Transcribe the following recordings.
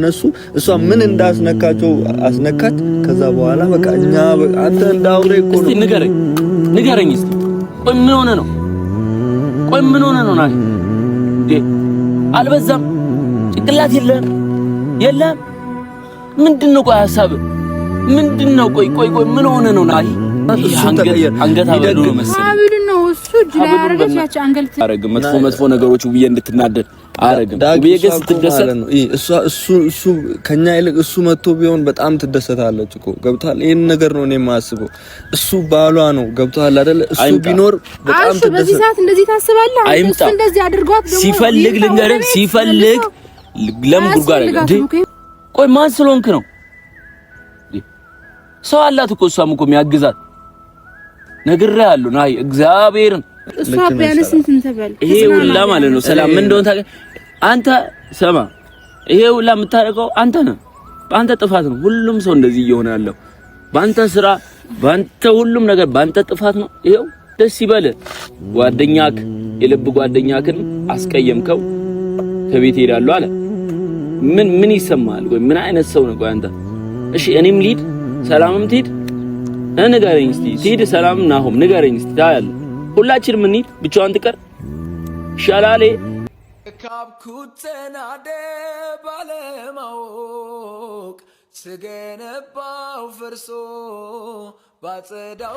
እነሱ እሷ ምን እንዳስነካቸው አስነካት። ከዛ በኋላ በቃ እኛ አንተ እንደ እኮ ነው። ንገረኝ ንገረኝ እስቲ ቆይ፣ ምን ሆነ ነው? ቆይ ምን ሆነ ነው? ናሂ እንዴ አልበዛም? ጭንቅላት የለም የለም? ምንድን ነው ቆይ ሀሳብ ምንድን ነው? ቆይ ቆይ ቆይ ምን ሆነ ነው ናሂ መጥፎ ነገሮች ውብዬ እንድትናደድ እሱ ከኛ ይልቅ እሱ መጥቶ ቢሆን በጣም ትደሰታለች እኮ ገብቶሃል። ይሄን ነገር ነው እኔ የማስበው። እሱ ባሏ ነው እሱ ቢኖር በጣም በዚህ ሰዓት እንደዚህ ታስባለህ? አይምጣ እንደዚህ አድርጓት ሲፈልግ ልንገርህ፣ ሲፈልግ ለምን ቆይ ማን ስለሆንክ ነው? ሰው አላት እኮ እሷም እኮ የሚያግዛት ነግሬሃለሁ። ናይ እግዚአብሔርን እሷ ቢያንስ እንትን ተበል ይሄ ሁላ ማለት ነው። ሰላም ምን እንደሆነ ታውቃለህ አንተ ሰማ። ይሄ ሁላ የምታደርገው አንተ ነህ። በአንተ ጥፋት ነው ሁሉም ሰው እንደዚህ እየሆነ ያለው። በአንተ ስራ፣ በአንተ ሁሉም ነገር በአንተ ጥፋት ነው። ይሄው ደስ ይበል። ጓደኛክ የልብ ጓደኛክን አስቀየምከው። ከቤት ሄዳለሁ አለ። ምን ምን ይሰማል? ወይ ምን አይነት ሰው ነው? ቆይ አንተ እሺ፣ እኔም ልሂድ፣ ሰላምም ትሂድ ንገረኝ እስቲ ትሂድ ሰላም ናሆም ንገረኝ እስቲ ታያለህ። ሁላችንም እንሂድ ብቻዋን ትቀር ሻላሌ ደ ባለማወቅ ስገነባው ፍርሶ ባጸዳው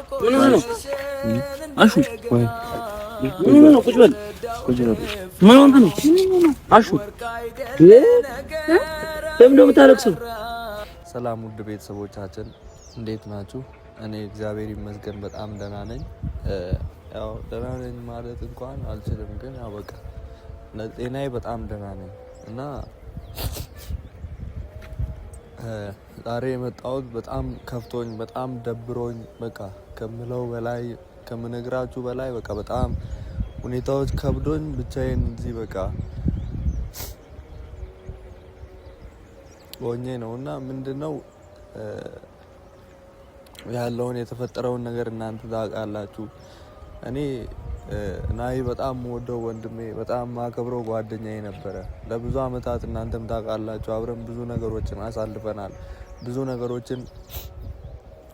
ሰላም ውድ ቤተሰቦቻችን እንዴት ናችሁ? እኔ እግዚአብሔር ይመስገን በጣም ደህና ነኝ። ያው ደህና ነኝ ማለት እንኳን አልችልም፣ ግን ያው በቃ ለጤናዬ በጣም ደህና ነኝ እና ዛሬ የመጣሁት በጣም ከፍቶኝ በጣም ደብሮኝ በቃ ከምለው በላይ ከምነግራችሁ በላይ በቃ በጣም ሁኔታዎች ከብዶኝ ብቻዬን እዚህ በቃ ሆኜ ነው እና ምንድን ነው ያለውን የተፈጠረውን ነገር እናንተ ታውቃላችሁ። እኔ ናይ በጣም ወደው ወንድሜ በጣም ማከብረው ጓደኛዬ ነበረ ለብዙ አመታት እናንተም ታውቃላችሁ። አብረን ብዙ ነገሮችን አሳልፈናል፣ ብዙ ነገሮችን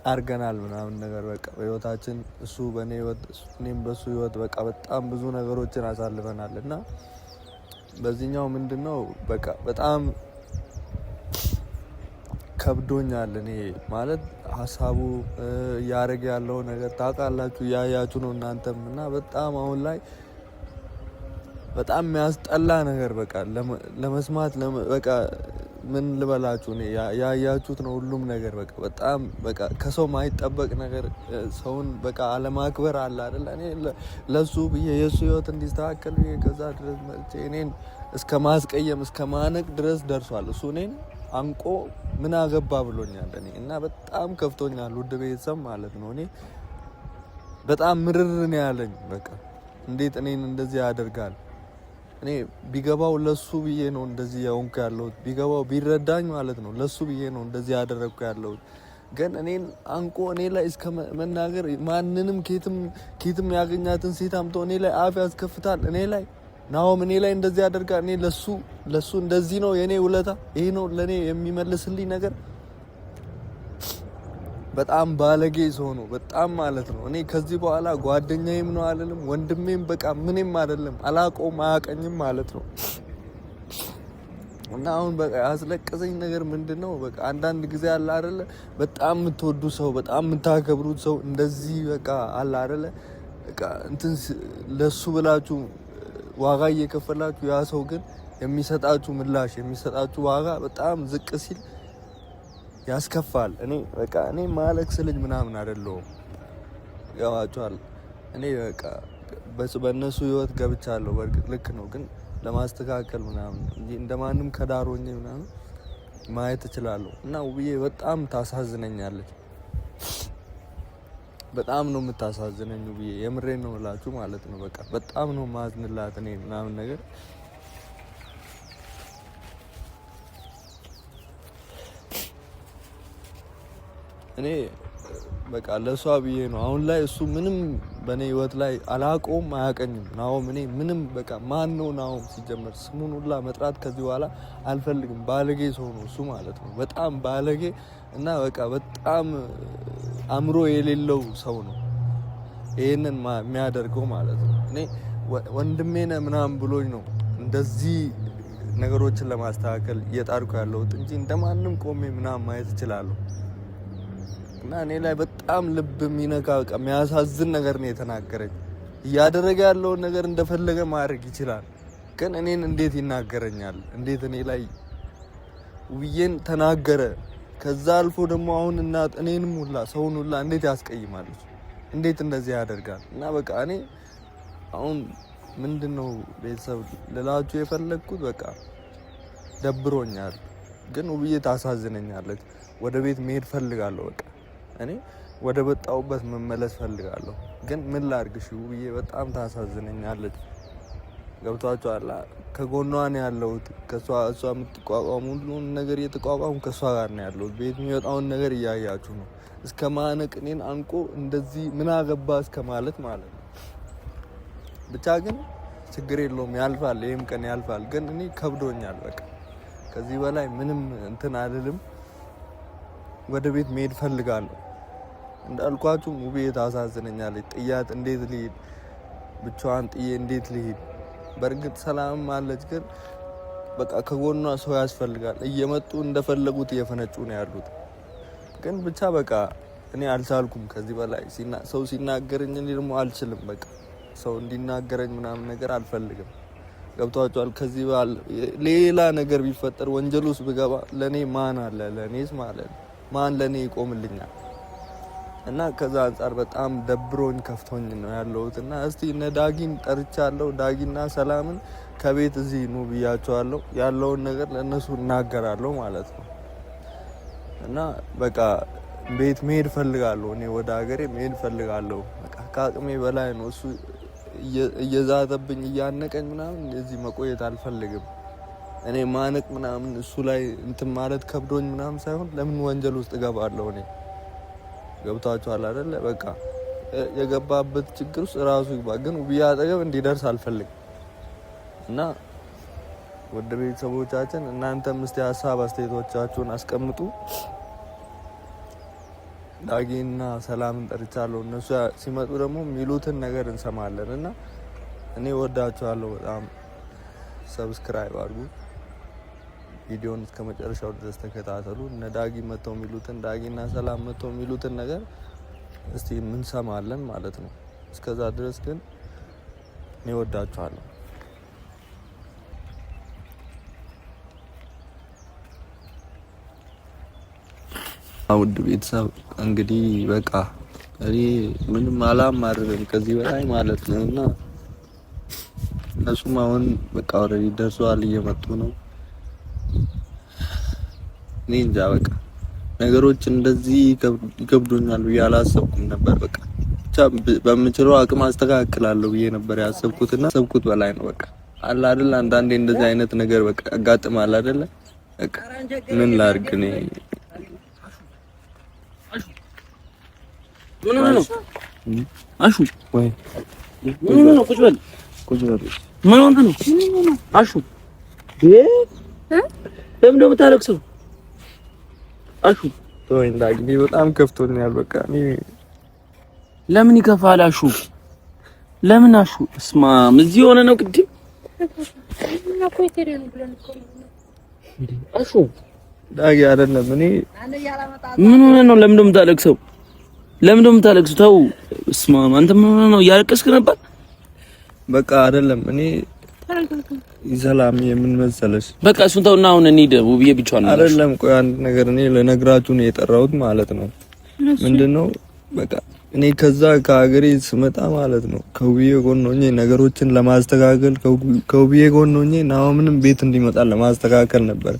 አድርገናል ምናምን ነገር በቃ በህይወታችን እሱ በእኔ ህይወት እኔም በሱ ህይወት በቃ በጣም ብዙ ነገሮችን አሳልፈናል እና በዚህኛው ምንድን ነው በቃ በጣም ከብዶኛል እኔ ማለት ሀሳቡ እያደረገ ያለው ነገር ታውቃላችሁ፣ እያያችሁ ነው እናንተም እና በጣም አሁን ላይ በጣም የሚያስጠላ ነገር በቃ ለመስማት በቃ ምን ልበላችሁ፣ ያያችሁት ነው ሁሉም ነገር በቃ በጣም በቃ ከሰው ማይጠበቅ ነገር ሰውን በቃ አለማክበር አለ አይደል? እኔ ለሱ ብዬ የእሱ ህይወት እንዲስተካከል ከዛ ድረስ መጥቼ እኔን እስከ ማስቀየም እስከ ማነቅ ድረስ ደርሷል እሱ እኔን አንቆ ምን አገባ ብሎኛል። እኔ እና በጣም ከፍቶኛል፣ ውድ ቤተሰብ ማለት ነው። እኔ በጣም ምርር ነው ያለኝ። በቃ እንዴት እኔን እንደዚህ ያደርጋል? እኔ ቢገባው ለሱ ብዬ ነው እንደዚህ ያውንኩ ያለሁት። ቢገባው ቢረዳኝ ማለት ነው ለሱ ብዬ ነው እንደዚህ ያደረግኩ ያለሁት። ግን እኔን አንቆ እኔ ላይ እስከ መናገር ማንንም ኬትም ኬትም ያገኛትን ሴት አምጦ እኔ ላይ አፍ ያስከፍታል እኔ ላይ ናሆም እኔ ላይ እንደዚህ አደርጋ እኔ ለሱ ለሱ እንደዚህ ነው የኔ ውለታ ይሄ ነው ለኔ የሚመልስልኝ ነገር። በጣም ባለጌ ሰው ነው፣ በጣም ማለት ነው። እኔ ከዚህ በኋላ ጓደኛዬም ነው አልልም፣ ወንድሜም በቃ ምንም አይደለም፣ አላውቀውም፣ አያቀኝም ማለት ነው። እና አሁን በቃ ያስለቀሰኝ ነገር ምንድን ነው? በቃ አንዳንድ ጊዜ አለ አይደለ፣ በጣም የምትወዱት ሰው፣ በጣም የምታከብሩት ሰው እንደዚህ በቃ አለ አይደለ፣ በቃ እንትን ለሱ ብላችሁ ዋጋ እየከፈላችሁ ያ ሰው ግን የሚሰጣችሁ ምላሽ የሚሰጣችሁ ዋጋ በጣም ዝቅ ሲል ያስከፋል። እኔ በቃ እኔ ማለክስ ልጅ ምናምን አይደለሁም፣ ገባችኋል? እኔ በቃ በእነሱ ህይወት ገብቻለሁ። በእርግጥ ልክ ነው፣ ግን ለማስተካከል ምናምን እንጂ እንደማንም ከዳሮኝ ምናምን ማየት እችላለሁ። እና ውብዬ በጣም ታሳዝነኛለች። በጣም ነው የምታሳዝነኝ ውብዬ፣ የምሬን ነው እላችሁ ማለት ነው። በቃ በጣም ነው ማዝንላት እኔ ምናምን ነገር እኔ በቃ ለእሷ ብዬ ነው። አሁን ላይ እሱ ምንም በእኔ ህይወት ላይ አላቆም አያቀኝም። ናሆም እኔ ምንም በቃ ማን ነው ናሆም? ሲጀመር ስሙን ሁላ መጥራት ከዚህ በኋላ አልፈልግም። ባለጌ ሰው ነው እሱ ማለት ነው። በጣም ባለጌ እና በቃ በጣም አእምሮ የሌለው ሰው ነው ይህንን የሚያደርገው ማለት ነው። እኔ ወንድሜ ነህ ምናምን ብሎኝ ነው እንደዚህ ነገሮችን ለማስተካከል እየጣርኩ ያለሁት እንጂ እንደማንም ቆሜ ምናምን ማየት እችላለሁ እና እኔ ላይ በጣም ልብ የሚነካ በቃ የሚያሳዝን ነገር ነው የተናገረኝ። እያደረገ ያለውን ነገር እንደፈለገ ማድረግ ይችላል፣ ግን እኔን እንዴት ይናገረኛል? እንዴት እኔ ላይ ውዬን ተናገረ። ከዛ አልፎ ደግሞ አሁን እናት እኔንም ሁላ ሰውን ሁላ እንዴት ያስቀይማለች? እንዴት እንደዚህ ያደርጋል? እና በቃ እኔ አሁን ምንድን ነው ቤተሰብ ልላችሁ የፈለግኩት በቃ ደብሮኛል፣ ግን ውብዬ ታሳዝነኛለች። ወደ ቤት መሄድ ፈልጋለሁ በቃ እኔ ወደ በጣውበት መመለስ ፈልጋለሁ፣ ግን ምን ላድርግሽ ብዬ በጣም ታሳዝነኛለች። ገብቷችኋል? ከጎኗ ነው ያለሁት። ከእሷ እሷ የምትቋቋሙ ሁሉን ነገር እየተቋቋሙ ከእሷ ጋር ነው ያለሁት። ቤት የሚወጣውን ነገር እያያችሁ ነው። እስከ ማነቅ እኔን አንቆ እንደዚህ ምን አገባ እስከ ማለት ማለት ነው። ብቻ ግን ችግር የለውም ያልፋል። ይህም ቀን ያልፋል። ግን እኔ ከብዶኛል። በቃ ከዚህ በላይ ምንም እንትን አልልም። ወደ ቤት መሄድ ፈልጋለሁ። እንዳልኳችሁ ውቤት ታሳዝነኛለች። ጥያት እንዴት ልሂድ ብቻዋን ጥዬ እንዴት ልሂድ? በእርግጥ ሰላም አለች፣ ግን በቃ ከጎኗ ሰው ያስፈልጋል። እየመጡ እንደፈለጉት እየፈነጩ ነው ያሉት። ግን ብቻ በቃ እኔ አልቻልኩም ከዚህ በላይ ሰው ሲናገረኝ፣ እኔ ደግሞ አልችልም። በቃ ሰው እንዲናገረኝ ምናምን ነገር አልፈልግም። ገብቷቸዋል። ከዚህ ሌላ ነገር ቢፈጠር ወንጀል ውስጥ ብገባ ለእኔ ማን አለ? ለእኔስ ማለት ማን ለእኔ ይቆምልኛል? እና ከዛ አንጻር በጣም ደብሮኝ ከፍቶኝ ነው ያለሁት። እና እስቲ እነ ዳጊን ጠርቻለሁ። ዳጊና ሰላምን ከቤት እዚህ ኑ ብያቸዋለሁ። ያለውን ነገር ለእነሱ እናገራለሁ ማለት ነው። እና በቃ ቤት መሄድ ፈልጋለሁ፣ እኔ ወደ ሀገሬ መሄድ ፈልጋለሁ። በቃ ከአቅሜ በላይ ነው እሱ እየዛተብኝ እያነቀኝ ምናምን እዚህ መቆየት አልፈልግም። እኔ ማነቅ ምናምን እሱ ላይ እንትን ማለት ከብዶኝ ምናምን ሳይሆን ለምን ወንጀል ውስጥ እገባለሁ እኔ ገብታችኋል አይደለ? በቃ የገባበት ችግር ውስጥ ራሱ ይግባ። ግን ውብዬ አጠገብ እንዲደርስ አልፈልግም እና ወደ ቤተሰቦቻችን እናንተም እስቲ ሀሳብ አስተያየቶቻችሁን አስቀምጡ። ዳጊና ሰላምን ጠርቻለሁ። እነሱ ሲመጡ ደግሞ የሚሉትን ነገር እንሰማለን እና እኔ ወዳችኋለሁ በጣም። ሰብስክራይብ አድርጉ። ቪዲዮን እስከ መጨረሻው ድረስ ተከታተሉ። እነ ዳጊ መጥተው የሚሉትን ዳጊና ሰላም መጥተው የሚሉትን ነገር እስቲ እንሰማለን ማለት ነው። እስከዛ ድረስ ግን እኔ ወዳችኋለሁ። ውድ ቤተሰብ እንግዲህ በቃ እኔ ምንም አላማርብም ከዚህ በላይ ማለት ነው እና እነሱም አሁን በቃ ወረዲ ደርሰዋል፣ እየመጡ ነው እኔ እንጃ በቃ ነገሮች እንደዚህ ይከብዱኛል ብዬ አላሰብኩም ነበር። በቃ ብቻ በምችለው አቅም አስተካክላለሁ ብዬ ነበር ያሰብኩትና ሰብኩት በላይ ነው። በቃ አለ አይደል አንዳንዴ እንደዚህ አይነት ነገር በቃ ያጋጥማል አይደለ? በቃ ምን ላድርግ እኔ አሹ ወይ ምን ነው ቁጭ በል ቁጭ በል ምን ነው አሹ እ ለምን ነው የምታለቅሰው? አሹ ተወኝ፣ ዳጊ በጣም ከፍቶኛል። በቃ ለምን ይከፋል? አሹ ለምን አሹ? እስማ እዚህ የሆነ ነው ቅድም አሹ ዳጊ አይደለም። እኔ ምን ሆነ ነው? ለምን ደም ታለቅሰው? ለምን ደም ታለቅሰው? ተው። እስማ አንተ ምን ሆነ ነው? እያለቀስክ ነበር። በቃ አይደለም እኔ ይዘላም የምን መሰለሽ፣ በቃ እሱን ተውና አሁን እንሂድ። ውብዬ ብቻዋን ነው አይደለም። ቆይ አንድ ነገር እኔ ለነግራችሁ ነው የጠራሁት ማለት ነው። ምንድነው በቃ እኔ ከዛ ከሀገሬ ስመጣ ማለት ነው ከውብዬ ጎን ሆኜ ነገሮችን ለማስተካከል ከውብዬ ጎን ሆኜ ናሆምንም ቤት እንዲመጣ ለማስተካከል ነበር።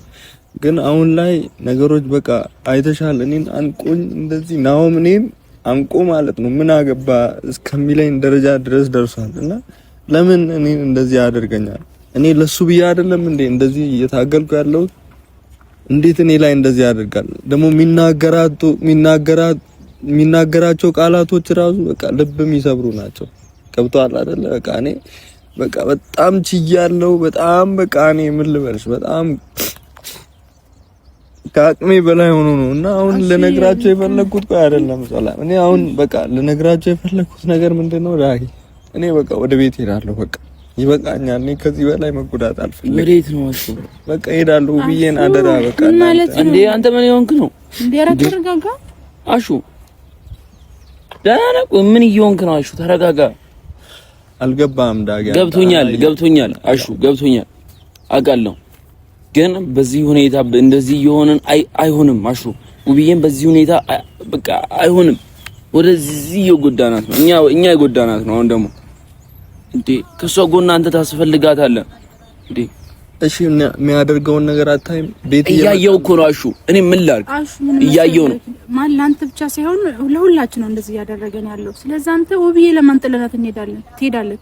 ግን አሁን ላይ ነገሮች በቃ አይተሻል። እኔን አንቆኝ እንደዚህ ናሆም እኔን አንቆ ማለት ነው ምን አገባ እስከሚለኝ ደረጃ ድረስ ደርሷል እና ለምን እኔን እንደዚህ ያደርገኛል? እኔ ለሱ ብዬ አይደለም እንዴ እንደዚህ እየታገልኩ ያለው? እንዴት እኔ ላይ እንደዚህ ያደርጋል? ደግሞ የሚናገራቸው ቃላቶች ራሱ በቃ ልብ የሚሰብሩ ናቸው። ገብቷል አይደለ? በቃ እኔ በቃ በጣም ችያለው። በጣም በቃ እኔ ምን ልበልሽ፣ በጣም ከአቅሜ በላይ ሆኖ ነው እና አሁን ልነግራቸው የፈለኩት ቆይ አይደለም ሰላም፣ እኔ አሁን በቃ ልነግራቸው የፈለኩት ነገር ምንድን ነው ዳጊ እኔ በቃ ወደ ቤት ሄዳለሁ። በቃ ይበቃኛል። እኔ ከዚህ በላይ መጎዳት አልፈልግም። ወዴት ነው እሱ? በቃ ሄዳለሁ ብዬን አደራ። በቃ ማለት እንዴ አንተ ምን ይሆንክ ነው እንዴ? ኧረ ተረጋጋ አሹ። ደህና ነህ? ምን እየሆንክ ነው አሹ? ተረጋጋ። አልገባም ዳጋ። ገብቶኛል፣ ገብቶኛል አሹ፣ ገብቶኛል አውቃለሁ። ግን በዚህ ሁኔታ እንደዚህ እየሆንን አይሆንም አሹ። ውብዬን በዚህ ሁኔታ በቃ አይሆንም። ወደዚህ እየጎዳናት ነው እኛ እኛ የጎዳናት ነው አሁን ደግሞ እንዴ ከሷ ጎና አንተ ታስፈልጋታለህ እንዴ? እሺ የሚያደርገውን ነገር አታይም? ቤት እያየው እኮ ነው አሹ። እኔ ምን ላድርግ? እያየው ነው ማን ለአንተ ብቻ ሳይሆን ለሁላችን ነው እንደዚህ እያደረገን ያለው። ስለዚህ አንተ ውብዬ ለማን ጥለናት እንሄዳለን ትሄዳለህ?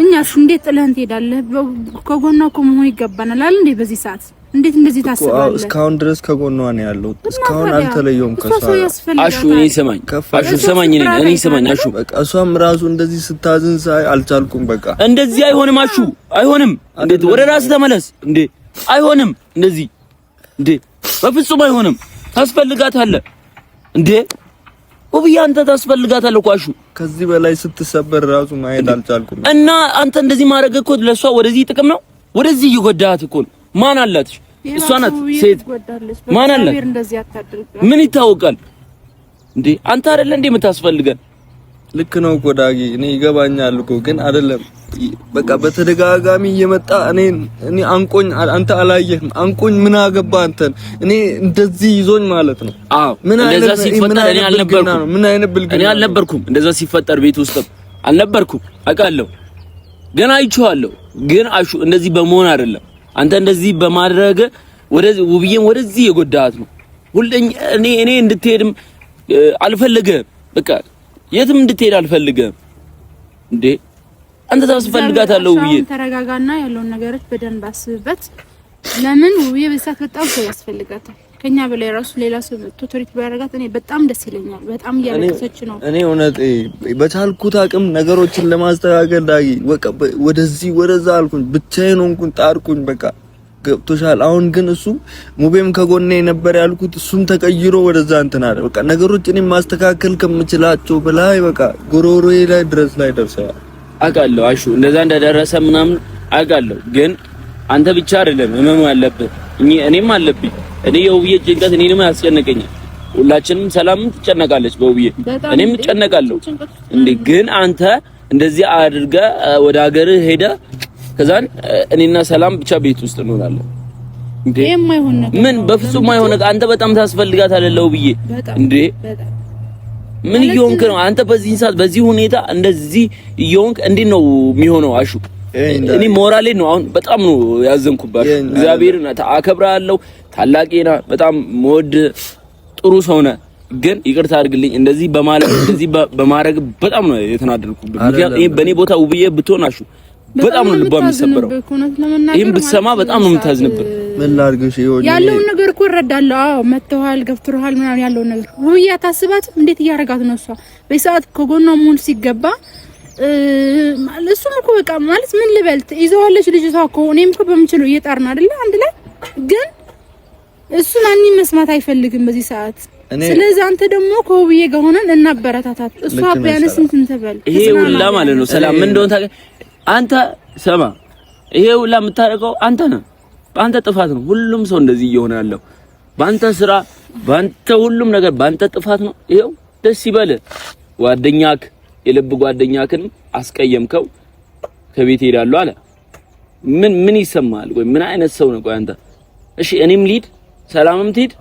እኛ እሺ እንዴት ጥለህን ትሄዳለህ? ከጎኗ እኮ መሆን ይገባናል አይደል? እንዴ በዚህ ሰዓት እንዴት እንደዚህ ታስባለህ? እስካሁን ድረስ ከጎኗ ነው ያለው። እስካሁን አልተለየውም ከሷ። አሹ እኔ ሰማኝ፣ አሹ ሰማኝ፣ እኔ እኔ ሰማኝ። አሹ በቃ እሷም ራሱ እንደዚህ ስታዝን ሳይ አልቻልኩም። በቃ እንደዚህ አይሆንም፣ አሹ አይሆንም። እንዴት ወደ ራስ ተመለስ እንዴ! አይሆንም እንደዚህ እንዴ! በፍጹም አይሆንም። ታስፈልጋታለህ እንዴ ውብዬ አንተ ታስፈልጋታለህ እኮ አሹ። ከዚህ በላይ ስትሰበር ራሱ ማየት አልቻልኩም። እና አንተ እንደዚህ ማድረግ እኮ ለሷ ወደዚህ ጥቅም ነው፣ ወደዚህ እየጎዳሃት እኮ ነው። ማን አላትሽ? እሷ ናት ሴት ማን አለ? ምን ይታወቃል እንዴ? አንተ አይደለ እንዴ የምታስፈልገን? ልክ ነው እኮ ዳጊ፣ እኔ ይገባኛል እኮ ግን አይደለም በቃ በተደጋጋሚ እየመጣ እኔ እኔ አንቆኝ አንተ አላየህም? አንቆኝ ምን አገባ አንተን? እኔ እንደዚህ ይዞኝ ማለት ነው። አዎ ምን እንደዛ ሲፈጠር እኔ አልነበርኩም። ምን አይነት ብልግና! እኔ አልነበርኩም። እንደዛ ሲፈጠር ቤት ውስጥ አልነበርኩም። አውቃለሁ፣ ግን አይቼዋለሁ። ግን አሹ እንደዚህ በመሆን አይደለም አንተ እንደዚህ በማድረግ ወደዚህ ውብዬም ወደዚህ የጎዳት ነው። ሁለኝ እኔ እኔ እንድትሄድም አልፈልግህም። በቃ የትም እንድትሄድ አልፈልግህም። እንዴ አንተ ታስፈልጋታለህ። ውብዬ ተረጋጋና ያለውን ነገሮች በደንብ አስብበት። ለምን ውብዬ በሰዓት በጣም ሰው ያስፈልጋታል። ከኛ በላይ ራሱ ሌላ ሰው መጥቶ ትሪት ቢያደርጋት እኔ በጣም ደስ ይለኛል። በጣም እያለቀሰች ነው። እኔ እውነት በቻልኩት አቅም ነገሮችን ለማስተካከል ዳጊ ወደዚህ ወደዛ አልኩኝ፣ ብቻዬን ሆንኩኝ፣ ጣርኩኝ። በቃ ገብቶሻል። አሁን ግን እሱ ሙቤም ከጎኔ ነበር ያልኩት እሱም ተቀይሮ ወደዛ እንትን አለ። በቃ ነገሮች እኔ ማስተካከል ከምችላቸው በላይ በቃ ጎሮሮዬ ላይ ድረስ ላይ ደርሰዋል። አውቃለሁ አሹ እንደዛ እንደደረሰ ምናምን አውቃለሁ። ግን አንተ ብቻ አይደለም ህመም አለብህ፣ እኔም አለብኝ እኔ የውብዬ ጭንቀት እኔንም ያስጨነቀኛል። ሁላችንም ሰላምም ትጨነቃለች በውብዬ እኔም እጨነቃለሁ። እንዴ ግን አንተ እንደዚህ አድርገ ወደ ሀገር ሄደ ከዛን እኔና ሰላም ብቻ ቤት ውስጥ እንሆናለን። እንዴ የማይሆን ምን በፍጹም አይሆን። አንተ በጣም ታስፈልጋት አለለው ብዬ እንዴ ምን እየሆንክ ነው አንተ? በዚህ ሰዓት በዚህ ሁኔታ እንደዚህ እየሆንክ እንዴት ነው የሚሆነው? አሹ እኔ ሞራሌ ነው አሁን በጣም ነው ያዘንኩባት። እግዚአብሔርን አከብራለሁ። ታላቄና በጣም ሞድ ጥሩ ሰው ነህ፣ ግን ይቅርታ አድርግልኝ እንደዚህ በማለት እንደዚህ በማድረግ በጣም ነው የተናደድኩብህ። ምክንያቱም ይሄ በኔ ቦታ ውብዬ ብትሆናሹ በጣም ነው ልቧ የሚሰበረው። ይሄን ብትሰማ በጣም ነው የምታዝንብህ። ምን ላድርግሽ? ያለውን ነገር እኮ እረዳለሁ። አዎ መተዋል፣ ገፍትሮሃል ምናምን ያለውን ነገር ውብዬ አታስባትም። እንዴት እያደረጋት ነው እሷ በሰዓት ከጎኗ መሆን ሲገባ እሱም እኮ በቃ ማለት ምን ልበልት ይዘዋለች ልጅቷ እኮ እኔም እኮ በምችለው እየጣርን አይደለ አንድ ላይ ግን እሱ ማንም መስማት አይፈልግም በዚህ ሰዓት። ስለዚህ አንተ ደግሞ ከውብዬ ጋር ሆነን እናበረታታት። እሱ ቢያንስ እንትን ትበል። ይሄ ሁላ ማለት ነው ሰላም ምን እንደሆነ ታውቃለህ አንተ ሰማ። ይሄ ሁላ የምታደርገው አንተ ነህ። በአንተ ጥፋት ነው ሁሉም ሰው እንደዚህ እየሆነ ያለው። በአንተ ስራ፣ በአንተ ሁሉም ነገር በአንተ ጥፋት ነው። ይሄው ደስ ይበል ጓደኛክ የልብ ጓደኛክን አስቀየምከው ከቤት እሄዳለሁ አለ። ምን ምን ይሰማል? ወይ ምን አይነት ሰው ነው? ቆይ አንተ እሺ፣ እኔም ልሂድ፣ ሰላምም ትሂድ፣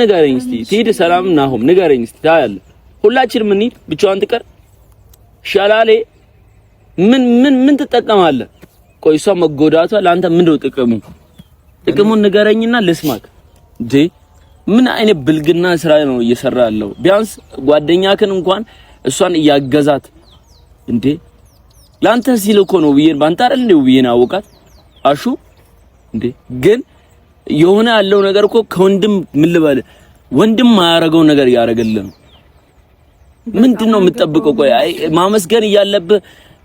ንገረኝ እስቲ ትሂድ፣ ሰላምም ናሁም ንገረኝ እስቲ ሁላችን ሁላችንም ይል ብቻዋን ትቀር ሻላሌ ምን ምን ምን ትጠቀማለ ቆይ እሷ መጎዳቷ ለአንተ ምንድነው ጥቅሙ? ጥቅሙን ንገረኝና ልስማክ። እንዴ ምን አይነት ብልግና ስራ ነው እየሰራ ያለው? ቢያንስ ጓደኛክን እንኳን እሷን እያገዛት እንዴ ላንተ ሲል እኮ ነው ብዬን ባንተ አይደል ነው ብዬን አወቃት አሹ እንዴ ግን የሆነ ያለው ነገር እኮ ከወንድም ምን ልበል ወንድም ማያረገው ነገር እያደረገልን ነው። ምንድን ነው የምጠብቀው? ቆይ አይ ማመስገን እያለብህ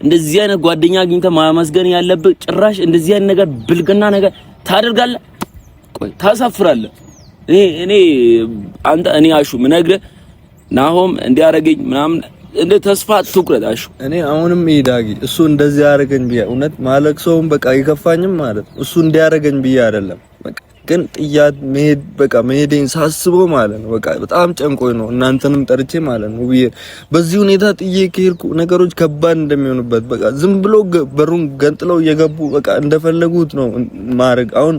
እንደዚህ አይነት ጓደኛ አግኝተህ ማመስገን እያለብህ ጭራሽ እንደዚህ አይነት ነገር ብልግና ነገር ታደርጋለህ። ቆይ ታሳፍራለህ። እኔ እኔ አንተ እኔ አሹ ምነግርህ ናሆም እንዲያረገኝ ምናምን እንደ ተስፋ ትኩረት እኔ አሁንም ይዳጊ እሱ እንደዚህ ያረገኝ ብዬ እውነት ማለቅ ሰውም በቃ ይከፋኝም ማለት እሱ እንዲያረገኝ ብዬ አይደለም፣ ግን ጥያት መሄድ በቃ መሄዴን ሳስበው ማለት ነው በቃ በጣም ጨንቆኝ ነው። እናንተንም ጠርቼ ማለት ነው ብዬ በዚህ ሁኔታ ጥዬ ከሄድኩ ነገሮች ከባድ እንደሚሆኑበት በቃ ዝም ብሎ በሩን ገንጥለው እየገቡ በቃ እንደፈለጉት ነው ማድረግ አሁን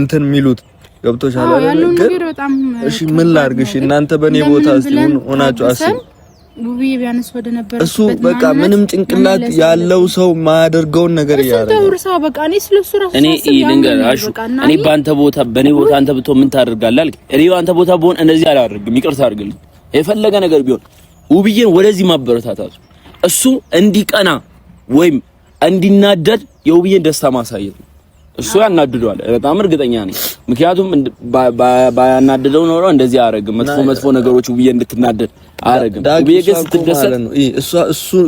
እንትን የሚሉት ገብቶሻል አይደል? ግን እሺ ምን ላድርግሽ? እናንተ በኔ ቦታ እስቲሁን ሆናችሁ አስቡ። ውብዬ ቢያንስ ወደ ነበር እሱ በቃ ምንም ጭንቅላት ያለው ሰው ማያደርገውን ነገር ያደርጋል። እሱ ተውርሳ በቃ እኔ ስለሱ ራሱ እኔ ልንገር አሹ እኔ ባንተ ቦታ በኔ ቦታ አንተ ብትሆን ምን ታደርጋለህ አልክ። እኔ ባንተ ቦታ ብሆን እንደዚህ አላደርግም። ይቅርታ አድርግልኝ። የፈለገ ነገር ቢሆን ውብዬን ወደዚህ ማበረታታት እሱ እንዲቀና ወይም እንዲናደድ የውብዬን ደስታ ማሳየት ነው። እሱ ያናድዷል፣ በጣም እርግጠኛ ነኝ። ምክንያቱም ባያናድደው ኖሮ እንደዚህ አያደርግም። መጥፎ መጥፎ ነገሮች ውብዬ እንድትናደድ አያደርግም። ውብዬ ግን ስትደሰት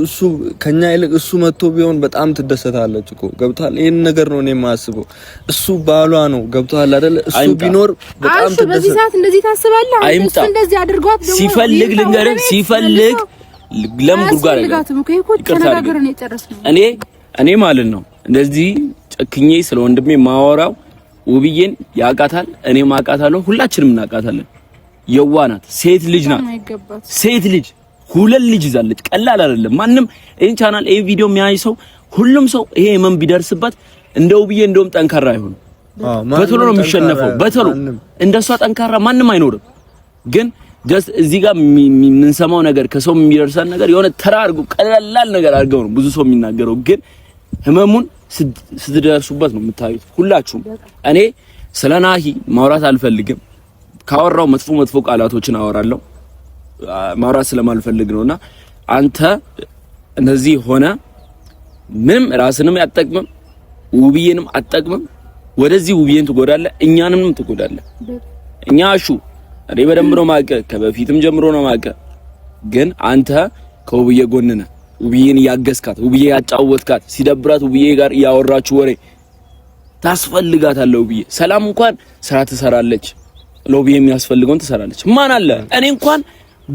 እሱ ከኛ ይልቅ እሱ መጥቶ ቢሆን በጣም ትደሰታለች እኮ ገብቷል። ይሄን ነገር ነው እኔ የማስበው። እሱ ባሏ ነው ገብቷል አይደል? እሱ ቢኖር በጣም ትደሰት። በዚህ ሰዓት እንደዚህ ታስባለህ? አይምጣ እንደዚህ አድርጓት ሲፈልግ ልንገርህ፣ ሲፈልግ ለምን ጉርጓ አደረገ? እኔ እኔ ማለት ነው እንደዚህ ጨክኜ ስለ ወንድሜ ማወራው ውብዬን ያቃታል፣ እኔም አውቃታለሁ፣ ሁላችንም እናቃታለን። የዋ ናት፣ ሴት ልጅ ናት። ሴት ልጅ ሁለት ልጅ ይዛለች፣ ቀላል አይደለም። ማንም ይሄን ቻናል ይሄ ቪዲዮ የሚያይ ሰው ሁሉም ሰው ይሄ ህመም ቢደርስበት እንደ ውብዬ እንደውም ጠንካራ አይሆንም። በቶሎ ነው የሚሸነፈው፣ በቶሎ እንደሷ ጠንካራ ማንም አይኖርም። ግን ጀስት እዚህ ጋር የምንሰማው ነገር ከሰው የሚደርሳን ነገር የሆነ ተራ አድርጎ ቀላል ነገር አድርገው ነው ብዙ ሰው የሚናገረው ግን ህመሙን ስትደርሱበት ነው የምታዩት ሁላችሁም። እኔ ስለ ናሂ ማውራት አልፈልግም። ካወራው መጥፎ መጥፎ ቃላቶችን አወራለሁ። ማውራት ስለማልፈልግ ነውና አንተ እነዚህ ሆነ ምንም ራስንም ያጠቅምም ውብዬንም አጠቅምም። ወደዚህ ውብዬን ትጎዳለህ፣ እኛንም ትጎዳለህ። እኛ እሹ እኔ በደንብ ነው ማቀ ከበፊትም ጀምሮ ነው ማቀ ግን አንተ ከውብዬ ጎን ነህ። ውብዬን ያገዝካት፣ ውብዬ ያጫወትካት፣ ሲደብራት ውብዬ ጋር ያወራችሁ ወሬ ታስፈልጋታለህ። ውብዬ ሰላም እንኳን ስራ ትሰራለች፣ ለውብዬ የሚያስፈልገውን ትሰራለች። ማን አለ እኔ እንኳን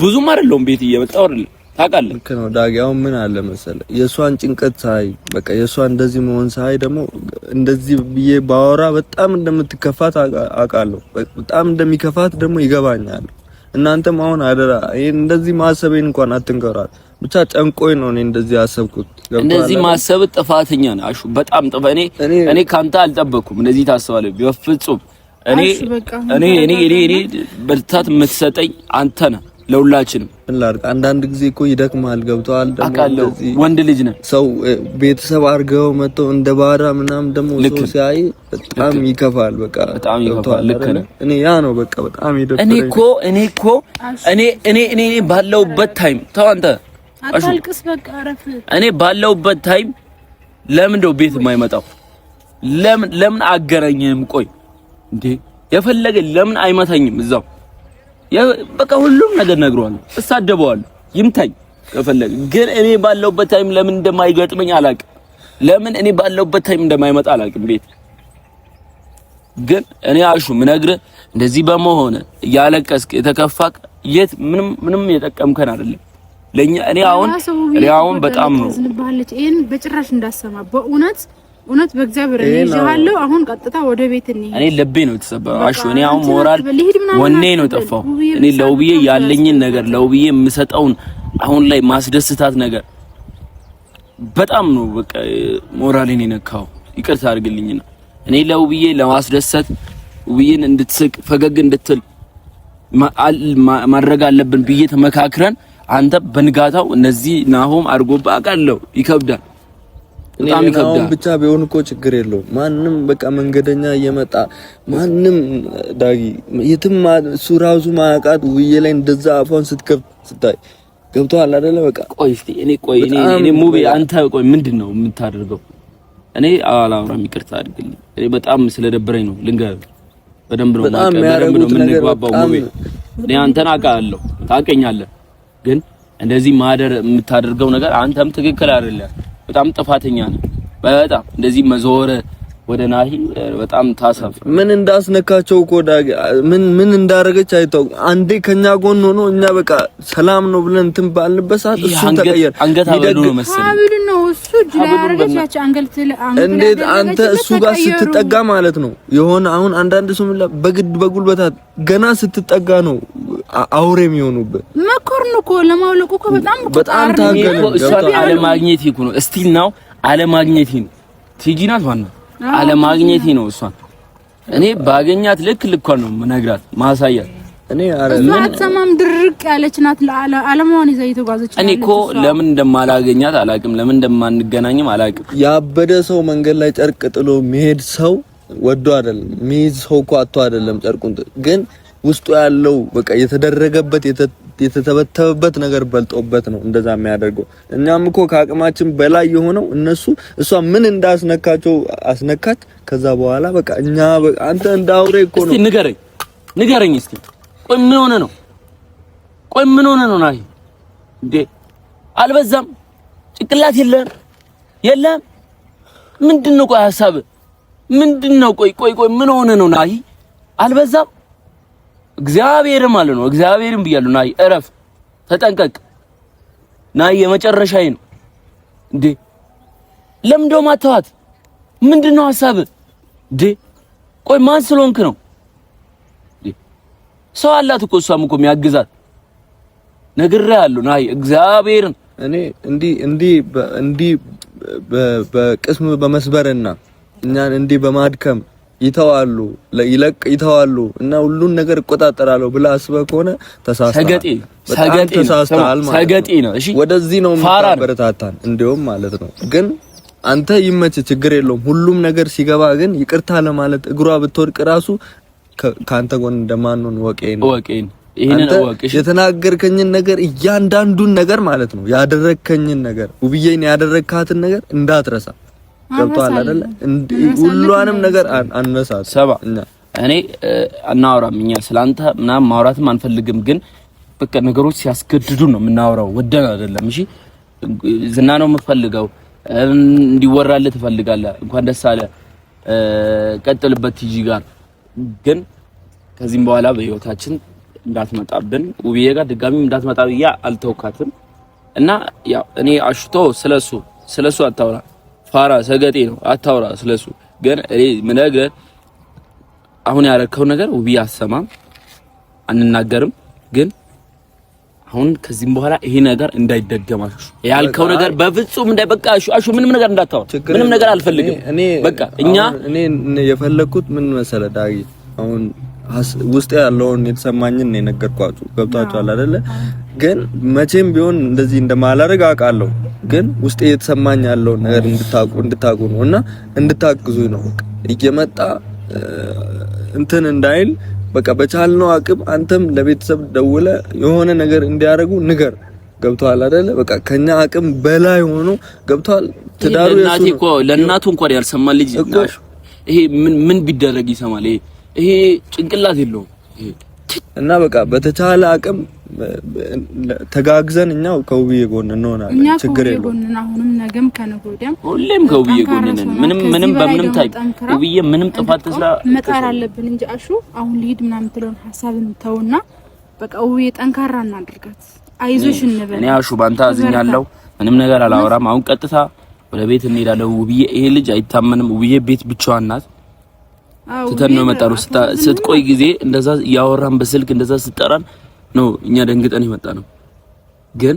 ብዙም አይደለሁም ቤት እየመጣሁ አይደለም ታውቃለህ። ልክ ነው ዳጊ። አሁን ምን አለ መሰለህ የእሷን ጭንቀት ሳይ በቃ የእሷን እንደዚህ መሆን ሳይ ደግሞ እንደዚህ ብዬ ባወራ በጣም እንደምትከፋት አውቃለሁ። በጣም እንደሚከፋት ደግሞ ይገባኛል። እናንተም አሁን አደራ ይሄን እንደዚህ ማሰቤን እንኳን አትንገሯት። ብቻ ጠንቆይ ነው። እኔ እንደዚህ ያሰብኩት። እንደዚህ ማሰብ ጥፋተኛ ነው አሹ። በጣም ጥፋ። እኔ እኔ ካንተ አልጠበኩም እንደዚህ ታስባለህ። በፍጹም እኔ እኔ እኔ እኔ ብርታት የምትሰጠኝ አንተ ነህ። ለሁላችንም እንላርቅ። አንዳንድ ጊዜ እኮ ይደክማል። ገብቶሃል። አውቃለሁ ወንድ ልጅ ነህ። ሰው ቤተሰብ አድርገው መጥተው እንደ ባራ ምናምን ደግሞ ሰው ሲያይ በጣም ይከፋል። በቃ በጣም ይከፋል። ልክ ነህ። እኔ ያ ነው በቃ በጣም ይደክማል። እኔ እኮ እኔ እኮ እኔ እኔ እኔ ባለውበት ታይም ተው አንተ አታልቅስ። በቃ አረፍ። እኔ ባለውበት ታይም ለምን ነው ቤት የማይመጣው ለምን ለምን አገረኝም? ቆይ እንዴ የፈለገ ለምን አይመታኝም? እዛው በቃ ሁሉም ነገር ነግሯል፣ እሳደበዋለሁ፣ ይምታኝ ከፈለገ። ግን እኔ ባለውበት ታይም ለምን እንደማይገጥመኝ አላውቅም። ለምን እኔ ባለውበት ታይም እንደማይመጣ አላውቅም ቤት ግን እኔ አሹ ምነግርህ እንደዚህ በመሆን እያለቀስክ የተከፋክ የት ምንም ምንም የጠቀምከን አይደለም። ለኛ እኔ አሁን እኔ አሁን በጣም ነው ዝንባለች። ይሄን በጭራሽ እንዳሰማ በእውነት እውነት በእግዚአብሔር እኔ ይዣለሁ። አሁን ቀጥታ ወደ ቤት እንሂድ። እኔ ልቤ ነው የተሰበረው። አሹ እኔ አሁን ሞራል ወኔ ነው ጠፋው። እኔ ለውብዬ ያለኝን ነገር ለውብዬ የምሰጠውን አሁን ላይ ማስደስታት ነገር በጣም ነው በቃ ሞራሌን የነካው። ይቅርታ አድርግልኝና እኔ ለውብዬ ለማስደሰት ውብዬን እንድትስቅ ፈገግ እንድትል ማድረግ አለብን ብዬ ተመካክረን አንተ በንጋታው እነዚህ ናሆም አድርጎብህ አውቃለሁ። ይከብዳል፣ በጣም ይከብዳል። ብቻ ቢሆን እኮ ችግር የለውም። ማንም በቃ መንገደኛ እየመጣ ማንም ዳጊ የትም እሱ ራሱ ማያውቃት ውዬ ላይ እንደዛ አፏን ስትከፍት ስታይ ገብቶሃል አይደለ? በቃ ቆይ እስቲ እኔ ቆይ እኔ እኔ ሙቤ አንተ ቆይ ምንድን ነው የምታደርገው? እኔ አላወራም፣ ይቅርታ አድርግልኝ። እኔ በጣም ስለደበረኝ ነው ልንገርህ። በደንብ ነው የምንግባባው ሙቤ። እኔ አንተን አውቃለሁ፣ ታውቀኛለህ ግን እንደዚህ ማደር የምታደርገው ነገር አንተም ትክክል አይደለም። በጣም ጥፋተኛ ነው። በጣም እንደዚህ መዞር ወደ ናሂ በጣም ታሰፍ ምን እንዳስነካቸው እኮ ዳጊ ምን ምን እንዳረገች አይታወቅም። አንዴ ከኛ ጎን ሆኖ እኛ በቃ ሰላም ነው ብለን እንትን ባልንበት ሰዓት እሱ ተቀየረ። አንገት አብዱ ነው መሰለኝ አብዱ ነው እሱ ዳረገቻች አንገት እንዴት አንተ እሱ ጋር ስትጠጋ ማለት ነው የሆነ አሁን አንዳንድ ሰው በግድ በጉልበታት ገና ስትጠጋ ነው አውሬ የሚሆኑበት መኮርን እኮ ለማውለቁ እኮ በጣም በጣም ታገለ። እሷ አለማግኘቴ እኮ ነው ስቲል ነው አለማግኘቴ ነው። ቲጂ ናት ዋና አለማግኘቴ ነው። እሷን እኔ ባገኛት ልክ ልኳን ነው የምነግራት ማሳያት እኔ አትሰማም። ድርቅ ያለች ናት። አለማዋን ይዛ እየተጓዘች እኔ እኮ ለምን እንደማላገኛት አላቅም፣ ለምን እንደማንገናኝም አላቅም። ያበደ ሰው መንገድ ላይ ጨርቅ ጥሎ መሄድ ሰው ወዶ አይደለም ሚይዝ ሰው እኮ አጥቶ አይደለም ጨርቁን ግን ውስጡ ያለው በቃ የተደረገበት የተተበተበበት ነገር በልጦበት ነው እንደዛ የሚያደርገው። እኛም እኮ ከአቅማችን በላይ የሆነው እነሱ እሷ ምን እንዳስነካቸው አስነካች። ከዛ በኋላ በቃ እኛ አንተ እንደ እኮ ነው። ንገረኝ ንገረኝ እስቲ ቆይ፣ ምን ሆነ ነው? ቆይ ምን ሆነ ነው? ናይ እንዴ አልበዛም? ጭቅላት የለም የለም? ምንድን ነው ቆይ ሀሳብ ምንድን ነው? ቆይ ቆይ ቆይ ምን ሆነ ነው? ናይ አልበዛም እግዚአብሔር ማለት ነው። እግዚአብሔርን ብያለሁ። ናይ እረፍ፣ ተጠንቀቅ። ናይ የመጨረሻዬ ነው እንዴ! ለምን ደው ማተዋት? ምንድን ነው ሀሳብ እንዴ? ቆይ ማን ስለሆንክ ነው? ሰው አላት እኮ እሷም እኮ የሚያግዛት ነግሬሃለሁ። ናይ እግዚአብሔርን እኔ እንዲህ እንዲህ እንዲህ በቅስም በመስበርና እኛን እንዲህ በማድከም ይተዋሉ ይለቅ ይተዋሉ እና ሁሉን ነገር እቆጣጠራለሁ ብለህ አስበህ ከሆነ ተሳስተሃል ማለት ነው። እሺ ወደዚህ ነው የምታበረታታን እንደውም ማለት ነው። ግን አንተ ይመች፣ ችግር የለውም ሁሉም ነገር ሲገባ ግን ይቅርታ ለማለት እግሯ ብትወድቅ ራሱ ከአንተ ጎን እንደማንሆን ወቄን ወቄን ይሄንን የተናገርከኝን ነገር እያንዳንዱን ነገር ማለት ነው ያደረከኝን ነገር ውብዬን ያደረካትን ነገር እንዳትረሳ ገብቷል አይደለ? ሁሉንም ነገር አንመሳት ሰባ እኔ እናወራም እኛ ስላንተ ምናምን ማውራትም አንፈልግም፣ ግን በቃ ነገሮች ሲያስገድዱ ነው የምናወራው፣ ወደን አይደለም። እሺ ዝና ነው የምትፈልገው፣ እንዲወራልህ ትፈልጋለህ። እንኳን ደስ አለ፣ ቀጥልበት ቲጂ ጋር ግን ከዚህም በኋላ በህይወታችን እንዳትመጣብን ውብዬ ጋር ድጋሚ እንዳትመጣ ብዬ አልተውካትም እና ያው እኔ አሽቶ ስለሱ ስለሱ አታውራ ፋራ ሰገጤ ነው። አታውራ ስለሱ። ግን እኔ ምነግርህ አሁን ያረከው ነገር ውብ አሰማም፣ አንናገርም። ግን አሁን ከዚህም በኋላ ይሄ ነገር እንዳይደገማሽ ያልከው ነገር በፍጹም እንዳይበቃ። አሹ አሹ፣ ምንም ነገር እንዳታወራ፣ ምንም ነገር አልፈልግም። በቃ እኛ እኔ የፈለኩት ምን መሰለ ዳጊ አሁን ውስጥ ያለውን የተሰማኝን ነው የነገርኳችሁ። ገብታችኋል አይደለ? ግን መቼም ቢሆን እንደዚህ እንደማላደርግ አውቃለሁ። ግን ውስጤ የተሰማኝ ያለውን ነገር እንድታቁ እንድታቁ ነው እና እንድታግዙ ነው እየመጣ እንትን እንዳይል በቃ በቻልነው አቅም አንተም ለቤተሰብ ደውለ የሆነ ነገር እንዲያደርጉ ንገር። ገብቷል አይደለ? በቃ ከኛ አቅም በላይ ሆኖ ገብቷል። ትዳሩ ለእናቱ እንኳን ያልሰማ ልጅ ይሄ ምን ምን ቢደረግ ይሰማል ይሄ ይሄ ጭንቅላት የለውም። እና በቃ በተቻለ አቅም ተጋግዘን እኛ ከውብዬ ጎን እንሆናለን። ችግር የለውም። አሁንም ነገም ከነገ ሁሌም ከውብዬ ጎን ነን። ምንም ምንም በምንም ታይ ውብዬ ምንም ጥፋት ተስራ መጣር አለብን እንጂ አሹ አሁን ልሂድ ምናምን ትለውን ሀሳብን ተውና በቃ ውብዬ ጠንካራ እናድርጋት። አይዞሽ እንበል። እኔ አሹ ባንታ አዝኛለሁ። ምንም ነገር አላወራም። አሁን ቀጥታ ወደ ቤት እንሄዳለን። ውብዬ ይሄ ልጅ አይታመንም። ውብዬ ቤት ብቻዋን ናት። ትተን ነው የመጣነው ስትቆይ ጊዜ እንደዛ ያወራን በስልክ እንደዛ ስጠራን ነው እኛ ደንግጠን የመጣ ነው። ግን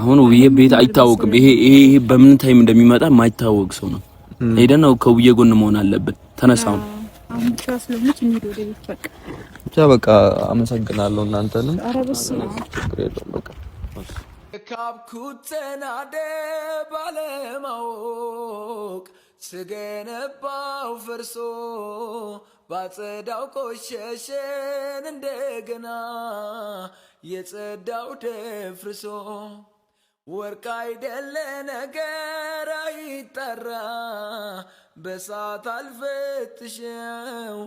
አሁን ውዬ ቤት አይታወቅም። ይሄ ይሄ በምን ታይም እንደሚመጣ ማይታወቅ ሰው ነው። ሄደን ነው ከውዬ ጎን መሆን አለብን። ተነሳው ብቻ በቃ አመሰግናለሁ። እናንተንም ካብኩት ተናደ ባለማወቅ ስገነባው ፈርሶ ባጸዳው ቆሸሸን እንደገና የጸዳው ደፍርሶ ወርቅ አይደለ ነገር አይጠራ በሳት አልፈትሸው